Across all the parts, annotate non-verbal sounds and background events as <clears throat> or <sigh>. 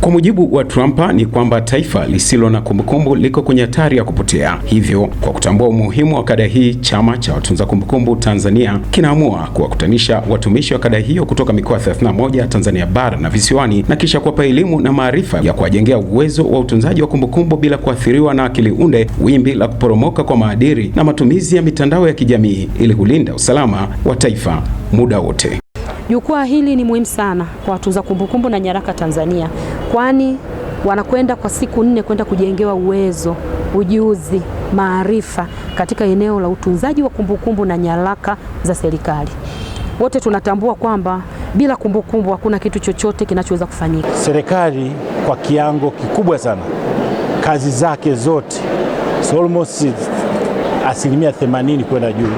Kwa mujibu wa trumpa ni kwamba taifa lisilo na kumbukumbu liko kwenye hatari ya kupotea. Hivyo, kwa kutambua umuhimu wa kada hii, chama cha watunza kumbukumbu Tanzania kinaamua kuwakutanisha watumishi wa kada hiyo kutoka mikoa 31 Tanzania bara na visiwani, na kisha kuwapa elimu na maarifa ya kuwajengea uwezo wa utunzaji wa kumbukumbu bila kuathiriwa na akili unde, wimbi la kuporomoka kwa maadili na matumizi ya mitandao ya kijamii, ili kulinda usalama wa taifa muda wote. Jukwaa hili ni muhimu sana kwa watunza kumbukumbu na nyaraka Tanzania kwani wanakwenda kwa siku nne kwenda kujengewa uwezo, ujuzi, maarifa katika eneo la utunzaji wa kumbukumbu na nyaraka za serikali. Wote tunatambua kwamba bila kumbukumbu hakuna kitu chochote kinachoweza kufanyika. Serikali kwa kiango kikubwa sana kazi zake zote so almost asilimia 80 kwenda juu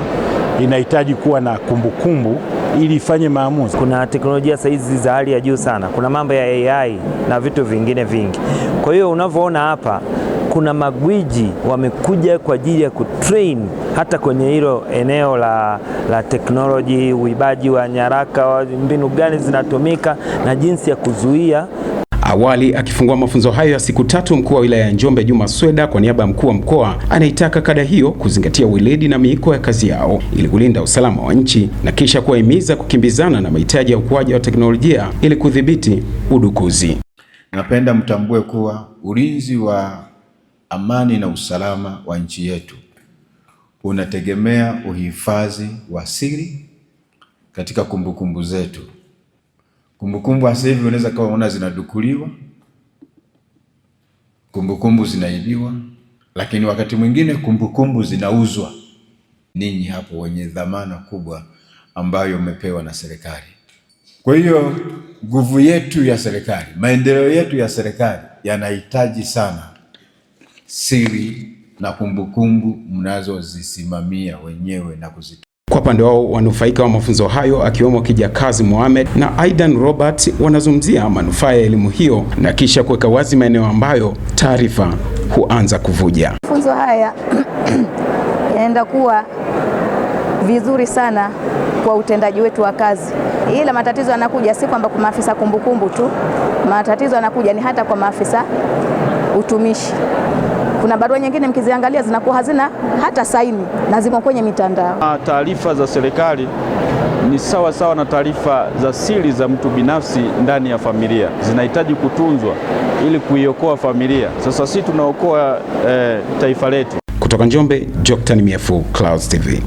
inahitaji kuwa na kumbukumbu kumbu ili ifanye maamuzi. Kuna teknolojia saizi za hali ya juu sana, kuna mambo ya AI na vitu vingine vingi. Kwa hiyo unavyoona hapa kuna magwiji wamekuja kwa ajili ya kutrain hata kwenye hilo eneo la, la teknoloji, uibaji wa nyaraka, mbinu gani zinatumika na jinsi ya kuzuia Awali akifungua mafunzo hayo ya siku tatu, mkuu wa wilaya ya Njombe Juma Sweda kwa niaba ya mkuu wa mkoa anaitaka kada hiyo kuzingatia weledi na miiko ya kazi yao ili kulinda usalama wa nchi na kisha kuwahimiza kukimbizana na mahitaji ya ukuaji wa teknolojia ili kudhibiti udukuzi. Napenda mtambue kuwa ulinzi wa amani na usalama wa nchi yetu unategemea uhifadhi wa siri katika kumbukumbu kumbu zetu. Kumbukumbu hasa hivi unaweza kawa unaona zinadukuliwa, kumbukumbu zinaibiwa, lakini wakati mwingine kumbukumbu zinauzwa. Ninyi hapo wenye dhamana kubwa ambayo umepewa na serikali. Kwa hiyo nguvu yetu ya serikali, maendeleo yetu ya serikali yanahitaji sana siri na kumbukumbu mnazozisimamia wenyewe na kuzi kwa upande wao wanufaika wa mafunzo hayo akiwemo Kijakazi Mohamed na Aidan Robert wanazungumzia manufaa ya elimu hiyo na kisha kuweka wazi maeneo ambayo taarifa huanza kuvuja. Mafunzo haya <clears throat> yanaenda kuwa vizuri sana kwa utendaji wetu wa kazi, ila matatizo yanakuja si kwamba kwa maafisa kumbukumbu tu, matatizo yanakuja ni hata kwa maafisa utumishi. Kuna barua nyingine mkiziangalia zinakuwa hazina hata saini na zimo kwenye mitandao. Taarifa za serikali ni sawa sawa na taarifa za siri za mtu binafsi ndani ya familia, zinahitaji kutunzwa ili kuiokoa familia. Sasa sisi tunaokoa eh, taifa letu. Kutoka Njombe, Joctan Myefu, Clouds TV.